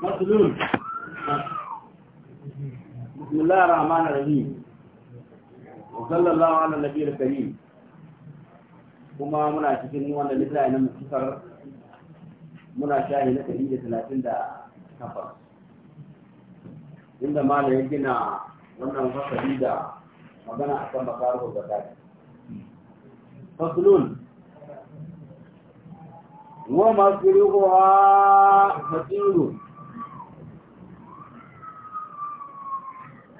مطلوب بسم الله الرحمن الرحيم وصلى الله على النبي الكريم وما منا شكرني وانا نزل عنا مكسر منا شاهدنا كريمة ثلاثين دا كفر عندما لا يجينا وانا نفسه بيدا وانا أحسن بقاره وبقاره فصلون ومصرفها مسير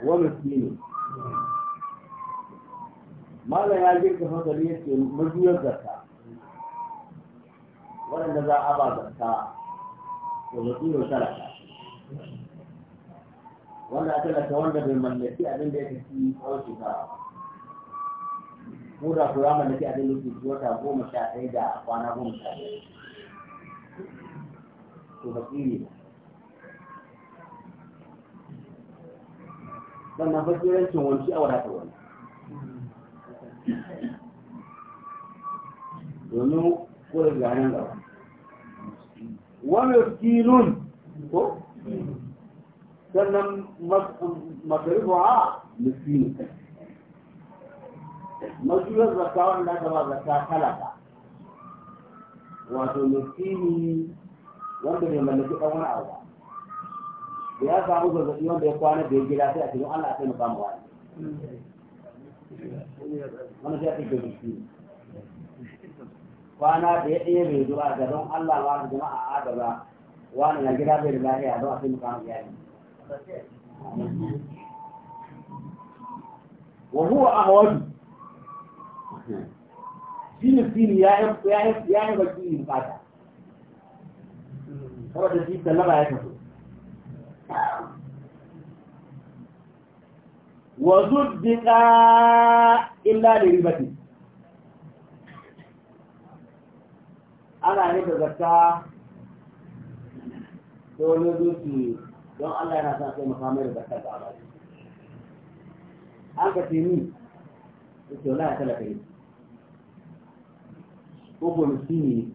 ومسكين ما لا يجب تفضلية مجوية الزكاة ولا نزاع أبا زكاة ومسير شركة ولا أتلك ولا بالمنسي أبن بيك في أو شفاء Mura kurama da ke abin da ke wata goma sha ɗaya da kwana goma sha ɗaya. tuhaƙiyi sannan fakirancin wanci a wadatar wani domin kodin ganin gaba wani kinun ko sannan makaruwa miskinu majiyar zaka wanda aka ba zaka talaka wato miskini wanda bai mallaki ɗan wani abu ba da ya samu zazzaɓi wanda ya kwana da gida sai a cikin Allah a taimaka ma wani wani sai a cikin zazzaɓi kwana da ya ɗaya bai zuwa ga don Allah jama'a wani na gida bai a taimaka ma iyali wa huwa ahwadu shi ne ya yi baki bukata هو تسليم سلمة آيات مكتوبة وصدق إلا لربته ana nufa zakka ta wani zuci don Allah yana sa sai makamai da zakka ta abadi an ka ce ni ita wala ya talaka ne ko ko miskini ne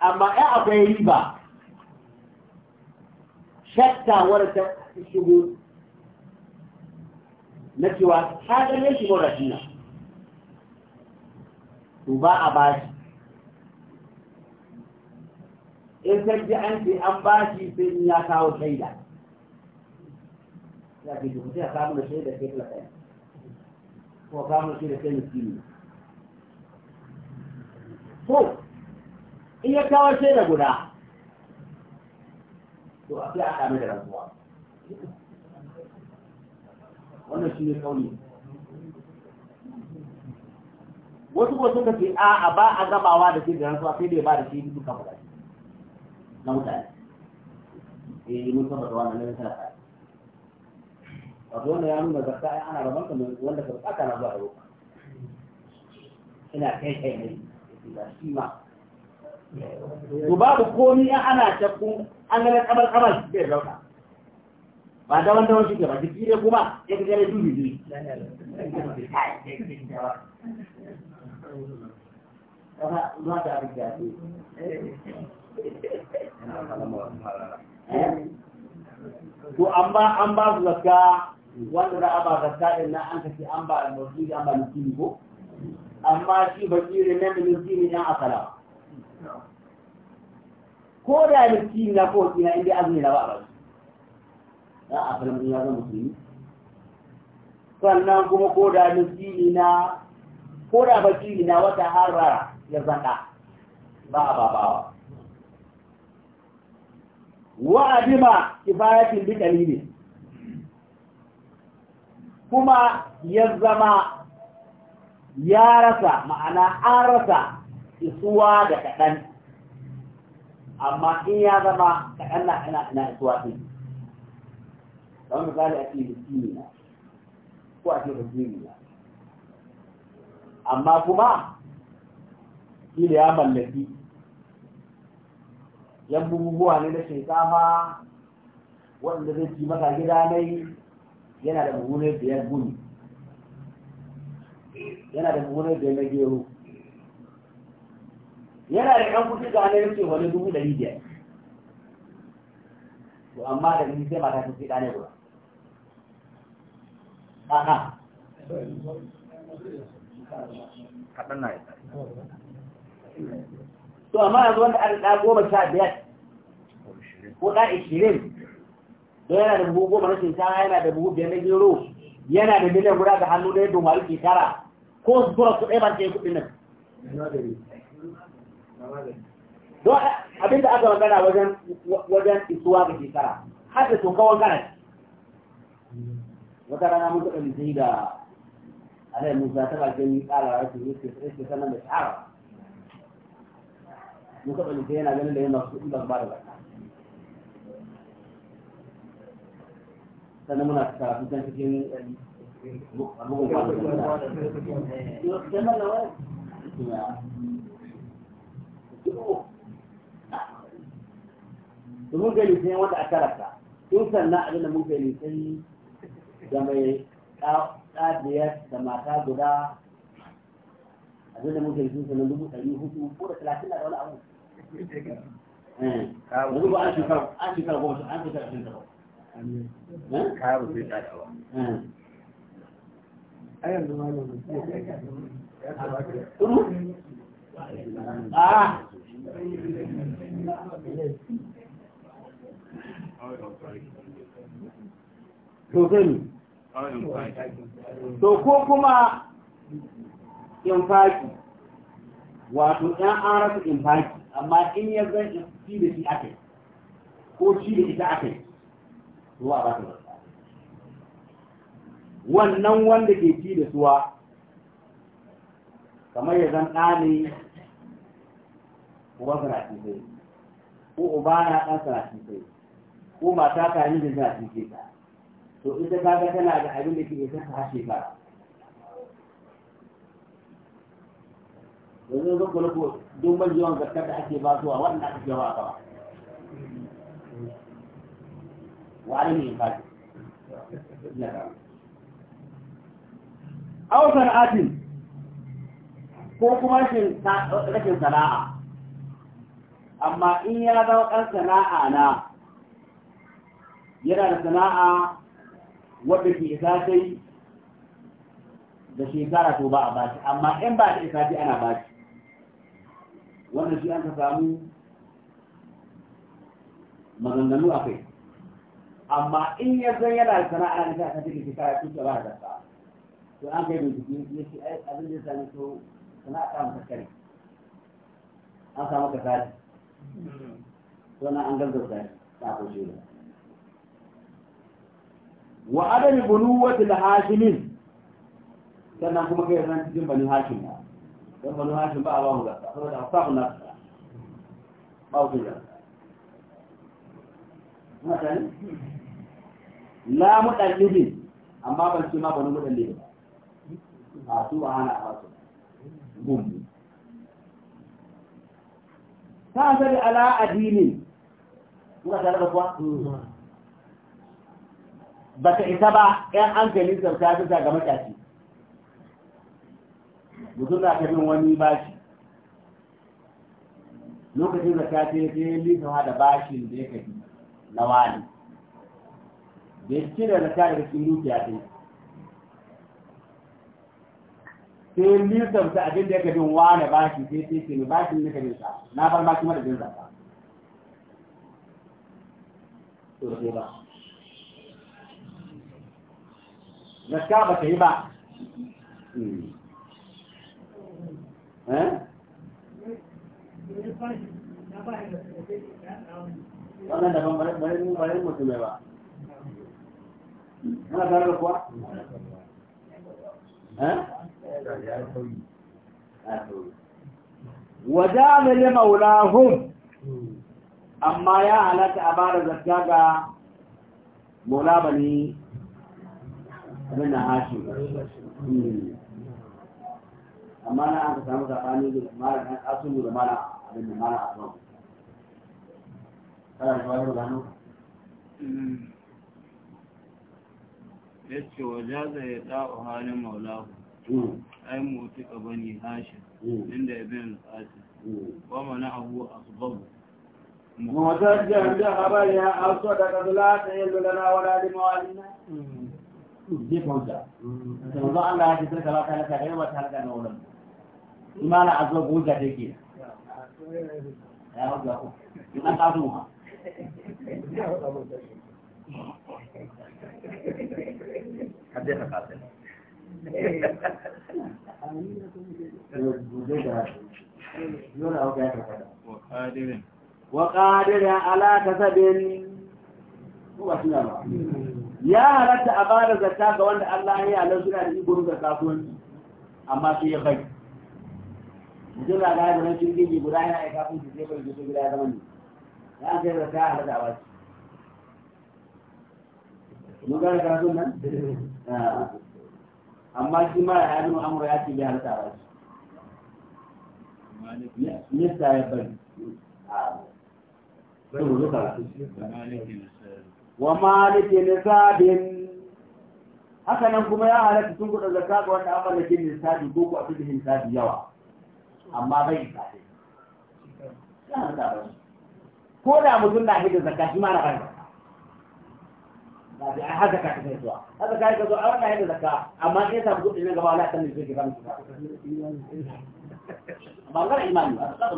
amma ya akwai riba shakka wadda ta shigo na cewa ta ganin shigo da shi to ba a bashi in sarki an ce an bashi sai in ya kawo shaida ya ke duk sai ya samu da shaida sai kula ɗaya ko a samu da shaida sai miskini so. in ya kawo da guda to a sai a kame da rantsuwa wannan shi ne kauli wasu ko suka ce a a ba a gabawa da shi da rantsuwa sai dai ba da shi duka shi na mutane eh mun na, da wannan ne sai wato wannan ya nuna zakka ai ana rabanka wanda ka tsaka na zuwa roƙa ina kai kai ne da shi ma to babu komi an ana shakkun an gane kabar kabar zai dauka ba da wanda wani shige ba jiki ne kuma ya ga gane dubi dubi eh? to amma an ba su gaska wanda da aba ba zakka din nan an kace an ba da mutum an ba mutum ko amma shi bakire nan da mutum ne an akala ko da miski na ko ina inda azumi na ba a za a fara mun zama musulmi sannan kuma ko da miski na ko da baki na wata harara ya zanda ba a babawa wa adima kifayatin bi dalili kuma ya zama ya rasa ma'ana an rasa isuwa da kaɗan amma in ya zama kaɗan na ina ina isuwa ɗin don misali a ce miskini na ko a ce miskini na amma kuma shi da ya mallaki yan bububuwa ne na shinkafa waɗanda zai ci maka gida nai yana da buhunai biyar guni yana da buhunai biyar na gero yana da ɗan kuɗi ga wani rufe wani dubu ɗari biyar to amma da ni sai mata ta sai ɗane guda aha kaɗan na to amma yanzu wanda an ɗa goma sha biyar ko ɗa ishirin don yana da buhu goma na shinkara yana da buhu biyar na gero yana da miliyan guda ga hannu ɗaya domin rufe tara ko su tura su ɗaya ba ta yi kuɗin nan don abin da aka magana wajen wajen isuwa ga shekara har da tokawan kanan wata rana mun taɓa litai da alai musa ta bakin ƙara rashin yake sai sanar da shahara mun taɓa litai yana ganin da yana su ɗan ba da ba sannan muna karatu can cikin bugun kwanan da da mun gani sai a tun sannan abin da mun gani sai mai da mata guda abin da mun gani sun sannan dubu ɗari hudu ko da talatin da wani abu eh. yanzu ba an shekara an shekara goma an shekara ashirin da ba eh? sai a eh. yanzu ma ya kamata to zani to ko kuma infaki wato 'yan an in infaki amma in ya zan ci da shi ake ko ci da ita ake zuwa ba ta wannan wanda ke ci da suwa kamar ya zan ɗane uban sana kisai ko uba na ɗan sana kisai ko mata ka mijin sana cikin ta to ita kaga tana da abin da ke isa ta hashe ka yanzu zan kula ko duk majiyan gaskar da ake ba suwa waɗanda ake cewa a gaba wani ne kaji aw sana'atin ko kuma rashin sana'a amma in ya zama ɗan sana'a na yana da sana'a wadda ke isa sai da shekara to ba a bashi amma in ba da isa ana bashi wanda shi an ka samu maganganu a kai amma in ya zan yana da sana'a na ta take kara to ba da ta, to an kai bincike ya ce ai abin da ya sami to sana'a ta mutakari an samu ka sadi sannan an gaggauta ta ko shi wa adam da hashimin sannan kuma kai san cikin bani hashim na dan bani hashim ba a ba saboda asabu na ba ku la amma ban ce ma bani mudallibin a su ba hana a gumbu ta asali ala addinin kuka tare da kuwa ba ta isa ba ‘yan an gani ta bisa ga matashi mutum na kafin wani bashi lokacin da ta ce ta yi lisawa da bashin da ya kafi na wani da ya cire da ta daga cikin dukiya ta sai nisanta abin da yake bin wane shi sai sai ce bashi ne na bar mara jin zaka ba gaskiya yi ba hmm. eh? wannan daban mutum ba ana tare da kuwa eh? وجعل لمولاهم أما يا علاك أبار زكاكا مولا بني من هاشم أما أنا أنت سامسا قاني مالا أنا أصول مولا مالا من مالا أصول يا شو وجاز يتاو هاني مولاهم Hmm. ai mutuka bani hashim hmm. inda ibn al-qasim hmm. wa mana'ahu asbab mutajjan da ya aso da kadula ta yallu na wala li mawalina zai fauta da manzo Allah ya ce sarka ba ta ka ba ta ga na wannan imana azo goja take ya hauka ko ina ka zuwa hadda ka kasance wa ƙadirin ala kasabin ya halatta a bada zata ga wanda Allah ya halar suna da ikon ga amma sai ya bai mutum na gaya ganin cin gini guda su sai bai gudu guda ya ya kai zakka amma shi mara ya bin amur ya ce ya rasa ba shi nista ya bari wa maliki nisabin haka nan kuma ya halatta sun kuɗa zakka ga wanda an mallake nisabi ko ku a fi nisabi yawa amma bai nisabi ko da mutum na hidda zakka shi ma na bai har zaka ta zuwa har zaka ka wannan amma sai ta ne gaba Allah kan zai gaba amma ga imani ba ka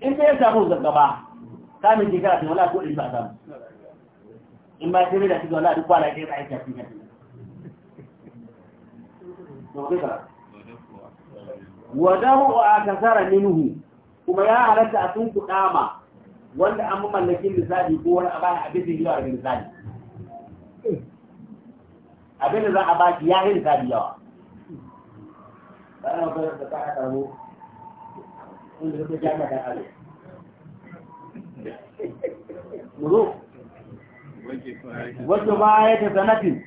in ya zaka ba ta wala ko in ba samu. in ba sai da shi wala duk wala ke a cikin ودرع أكثر wanda an mamallakin lissafi ko wani abaya abin da yawa daga lissafi abin da za a baki ya yi lissafi yawa ba na da ta karamu inda suka jami'a kan alo muro wajen ya ta sanatin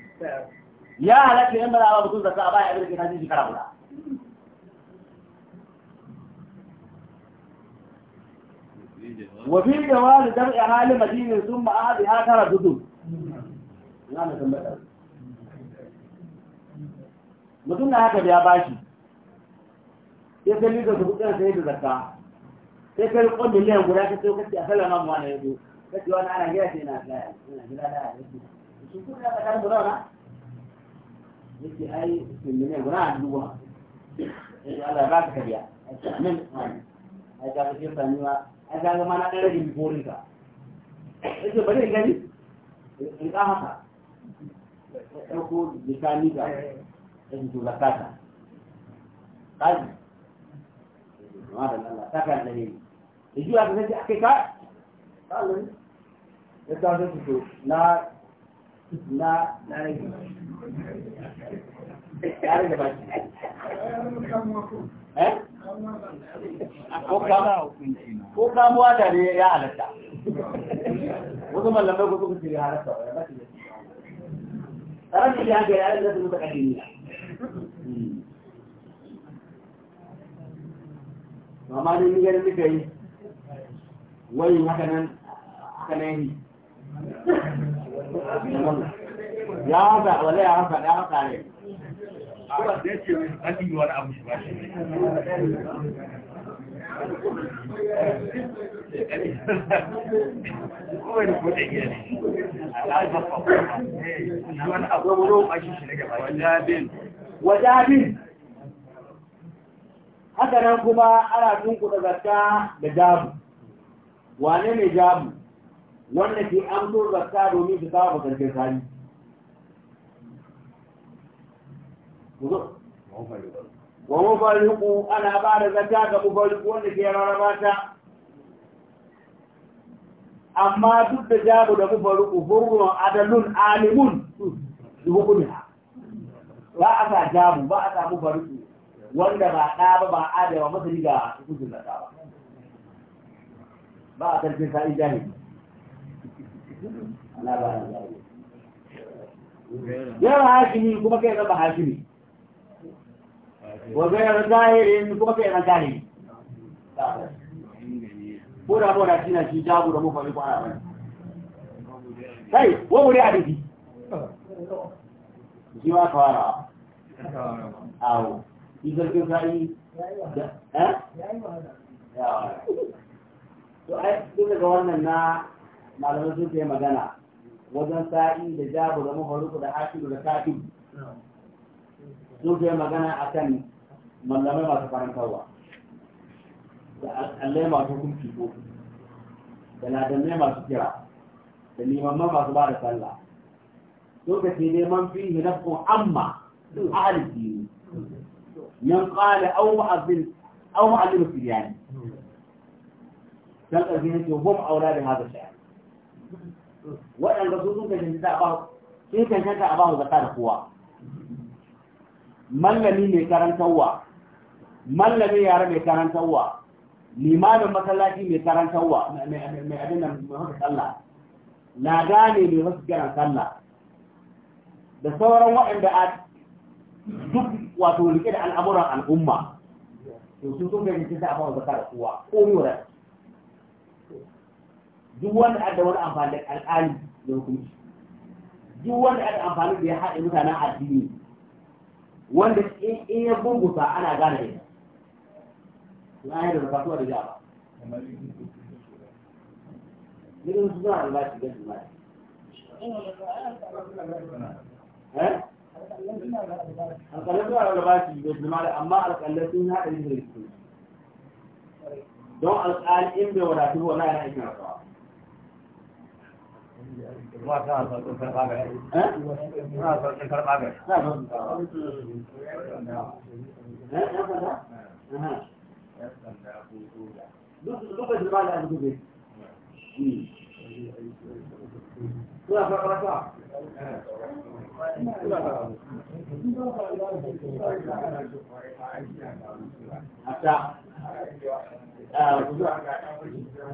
ya halatta yan bara wa mutum zaka a baya abin da ke tashi shekara guda وفي جواز درء حال مدين ثم أهدها تردد mutum na haka ya bashi sai kai lita su kudin sai da zakka sai kai rikon miliyan guda ka sai kace a sallama mu wani yanzu kace wani ana gida sai na tsaya ina gida da yake su kuma da kan burana yake ai miliyan guda a duba sai Allah ba ka biya amin ai ka fice a ga zama na ɗaya rage burin ka yake bari in gani in ka haka ɗauko jikani ga ɗan jula kata ƙaji ma da Allah ta kan lahi da juya ta sai ake ka ƙalin ya ta sai fito na na na rage ya rage baki eh ko kamuwa da ne ya halatta wasu mallamai ko suka cire halatta ba tsarar da haka ya halatta mutu kadini hmm. amma ne ni ganin duka yi wani haka nan haka nan yi ya haka wala ya haka ya haka ne da ya ba shi da ana da jabu wane ne jabu wanda ke amso zarta domin su kawo bakarkar hali wa mufariqu ana ba da zakka ga mufariqu wanda ke rarraba ta amma duk da jabu da mufariqu hurrun adalun alimun bi hukumiha ba a sa jabu ba a sa mufariqu wanda ba ɗa ba ba adawa masa riga hukuncin da ba ba a karfin sa'i jahili ana ba da hashimi kuma kai zama hashimi وغير ظاهر مكوفي عن ظاهر بورا بورا شينا شي جابو da muka riko ana kai wo wuri a diki jiwa fara awo idan kin sai eh to ai duk wannan na malamai sun magana wajen sa'i da jabu da muka da hakilu da katibu سوجي مغنى عكن من لما ما تفعلن كوا اللي ما تكون تيبو دنا دنيا ما تكرا دني مما ما تبارك الله سوجي تيني من فيه نفقه أما أهل الدين ينقال أو معذل أو معذل السريان تلقى الدين يوم أولاد هذا الشعر وأن الرسول كان يتعبه كيف كان يتعبه ذكر قواه mallami mai karantarwa mallami yare mai karantarwa limamin masallaci mai karantarwa mai abin da mai haka sallah na gane mai wasu garan sallah da sauran waɗanda a duk wato rike da al'amuran al'umma to su sun gani kisa a bawa zakar kuwa, ko mura duk wanda a da wani amfani da al'ali da hukunci duk wanda a da amfani da ya haɗe mutanen addini wanda in ya bungusa ana gane ne na yi da zakatu da jaba Nigin su suna da bashi gaji ba. Eh? Alƙalai suna da bashi gaji ba amma alƙalai sun haɗa yin rikici. Don alƙali in bai wadatu na yana ikin rasawa. ba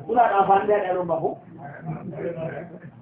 kuna da amfani da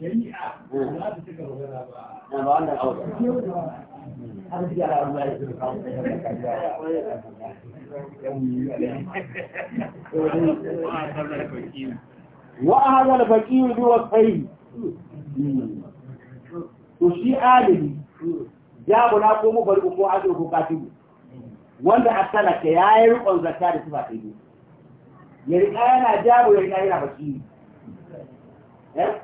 shari'a hmm. za ta cika magana ba. Na ba a yana baki. Eh?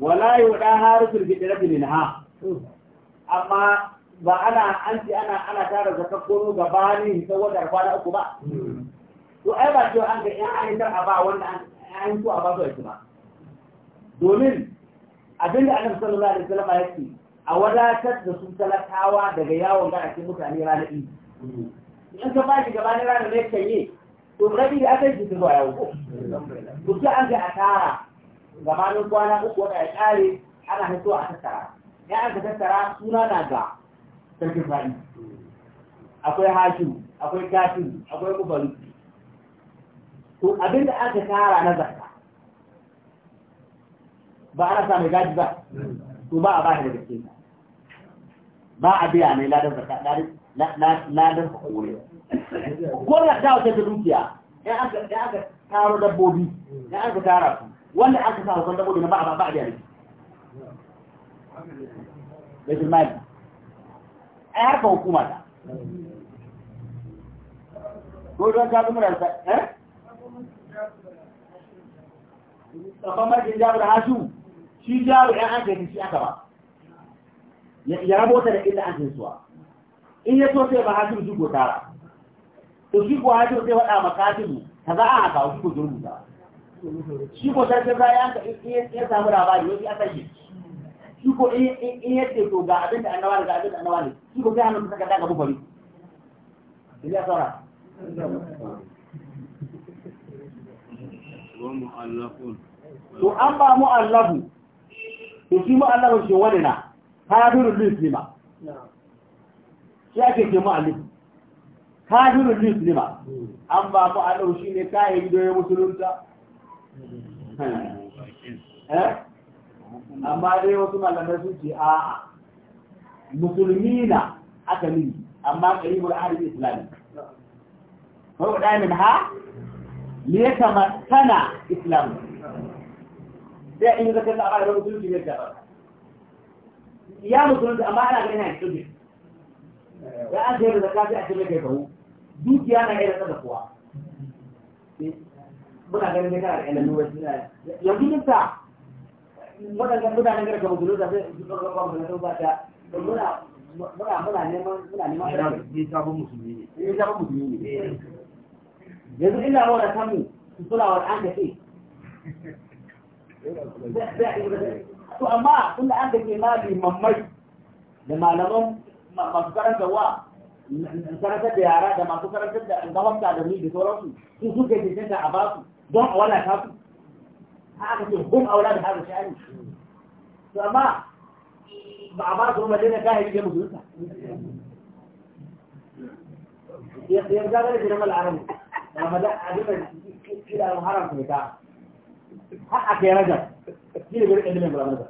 wala yi waɗa harisun gidirar na ha amma ba ana an ce ana ana tara zaka kono gabanin saboda kwana uku ba to ai ba cewa an ga yan an tar a ba wanda an so a ba su ba domin abin da annabi sallallahu alaihi wasallam ya ce a wadatar da su talakawa daga yawon gara ke mutane ranar idi in ka ba shi gabanin ranar ne kan yi to kadi ya kai zuwa yau ko to sai an ga asara Zamanin kwana uku wata ya kare ana hito a tattara ya an ka tattara suna na ga sarkin fa'i akwai hashu akwai kafin akwai kubalu to abinda aka tara na zakka ba ana sami gaji ba to ba a bashi da gaske ba a biya mai ladan zakka ladan ladan hakuri gona ta wata ta dukiya ya aka taro dabbobi ya aka tara su wanda aka sa kan dabbobi na ba ba ba a jari baitul mali ai harka hukuma ta ko don ka da ransa eh kafan markin jabu da hasu shi jabu ɗan an kai shi aka ba ya rabota da illa ake kai suwa in ya so sai ba hasu su ko tara to shi ko hajji zai faɗa ma katibu ka za a haka wasu ko jirgin ta shi ko sarkin ya ka iya samu labari wani a sake. shi ko in yadda to ga abinda an nawa ne, ga abinda an nawa ne shi ko sai hannun saka daga bufari ya saura to an ba mu mu'allafu to shi mu'allafu shi wani na hadirin muslima shi ake ce mu'allafu kafirun muslima an ba ku a ɗau shi ne kayan gido ya musulunta eh? amma dai wasu malamai sun ce a'a musulmi na aka nini amma karibul ahadin islami kawai ɗaya min ha kama tana islam sai in ga kaza a da musulunci ne da ya musulunci amma ana ganin yana cikin ya an ce da zakati a cikin kai kawo dukiya na irin da kuwa muna ganin ne kana da ilimin wasu na yanzu nisa waɗanda mutanen gara kamar gudu da zai zuwa ga kwamfani da ba ta muna muna muna neman muna neman ilimin ne sabon musulmi ne ne sabon musulmi ne eh. yanzu illa wa kamu su sula wa an da ke to amma tunda an da ke ma limammai da malaman masu karanta wa karantar da yara da masu karantar da gabata da ni da sauransu su suka yi cancanta a basu don a wala ta su a aka ce hum aula da haka sha'ani to amma ba a ba su kuma daina kayan da musulunta yanzu ga da jiran al'arabu ramadan a duka kila haram su ta har a kai rajar shi ne gurin ɗan ramadan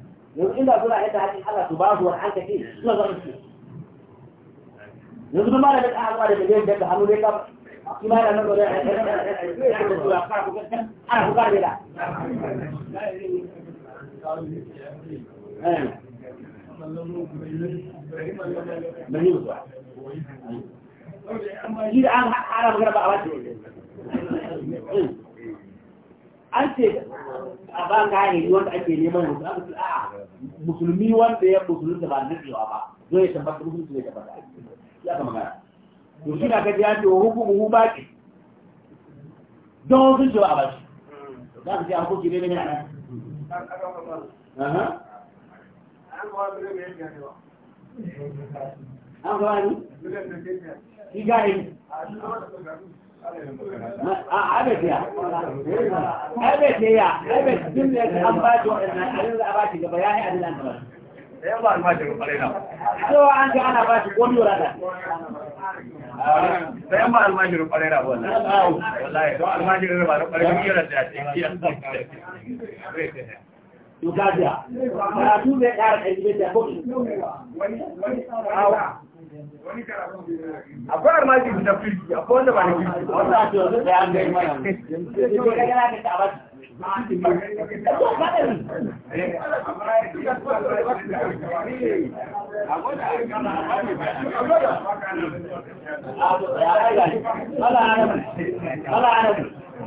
yanzu inda suna yadda haƙin Allah su ba su wani an kafi suna zama su yanzu kuma da duk abuwa da gajen da hannu dai kama kuma yana nan gaba da sura ana kuka da da eh. shi da an hara magana ba a wace an ce a ba wanda ake neman a'a musulmi wanda ya musulunta ba ba ya tabbata musulunci tabbata ya ka magana to shi na ake hu don sun a bashi za ka ce an ne ne a nan an Shi abet ya abet ya abet duk da an ba ta waɗannan abin da a ba shi gaba ya yi abin da an ba so an ga ana ba shi komi wadata sayan ba almashirin ƙwararra wallahi wallahi don almashirin ba da ƙwararra biyar da ya ce Yugaja. Karatu zai ƙara ƙarfi da kuɗi. Akwai armaji na firki, akwai wanda ba na firki. Wanda a cewa zai an gari mana. Yau ka gana ka ta ba. Allah Adam, Allah Adam.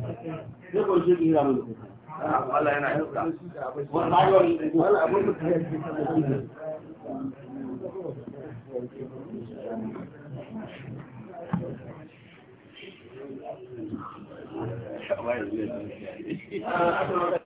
sai shi ki ramu Allah yana